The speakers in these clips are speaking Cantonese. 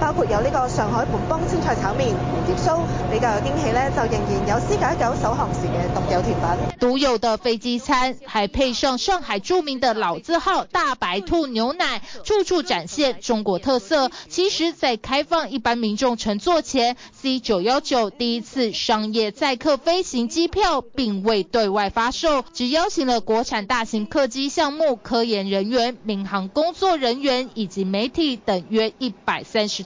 包括有呢個上海本幫青菜炒麵，蝴蝶酥比較有驚喜咧，就仍然有 C 九一九首航時嘅獨有甜品。獨有的飛機餐，還配上上海著名的老字號大白兔牛奶，處處展現中國特色。其實在開放一般民眾乘坐前，C 九一九第一次商業載客飛行，機票並未對外發售，只邀請了國產大型客機項目科研人員、民航工作人員以及媒體等約一百三十。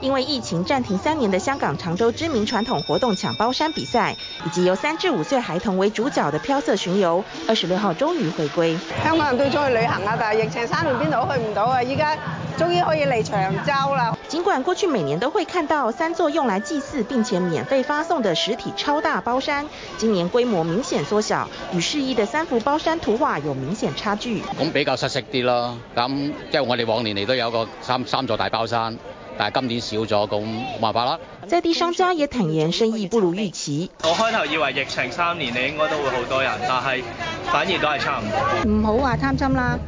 因為疫情暫停三年的香港長洲知名傳統活動搶包山比賽，以及由三至五歲孩童為主角的飄色巡遊，二十六號終於回歸。香港人都中意旅行啊，但係疫情三年，山路邊度都去唔到啊！依家終於可以嚟長洲啦。儘管過去每年都會看到三座用來祭祀並且免費發送的實體超大包山，今年規模明顯縮小，與示意的三幅包山圖畫有明顯差距。咁、嗯、比較失色啲咯，咁即係我哋往年嚟都有個三三座大包山。但係今年少咗，咁麻煩啦。在地商家也坦言生意不如預期。我開頭以為疫情三年咧應該都會好多人，但係反而都係差唔多。唔好話貪心啦，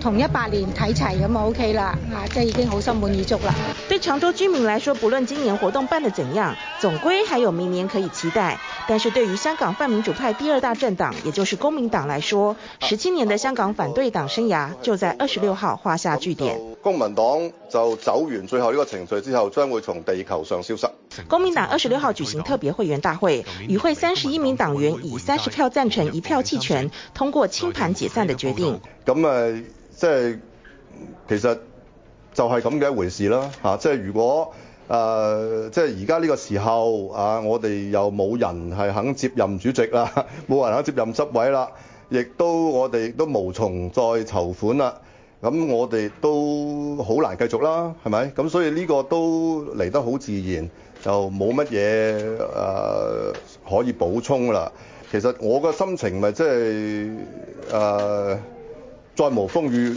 同一八年睇齊咁就 OK 啦，嚇、啊，即已經好心滿意足啦。對長洲居民嚟說，無論今年活動辦得怎樣，總歸還有明年可以期待。但是對於香港泛民主派第二大政黨，也就是公民黨來說，十七年的香港反對黨生涯就在二十六號畫下句點。公民黨就走完最後呢個程序之後，將會從地球上消失。公民黨二十六號舉行特別會員大會，與會三十一名黨員以三十票贊成、一票棄權，通過清盤解散的決定。咁誒，即係其實就係咁嘅一回事啦。嚇，即係如果誒，即係而家呢個時候啊，我哋又冇人係肯接任主席啦，冇人肯接任執委啦，亦都我哋都無從再籌款啦。咁我哋都好難繼續啦，係咪？咁所以呢個都嚟得好自然，就冇乜嘢誒可以補充啦。其實我嘅心情咪即係誒，再無風雨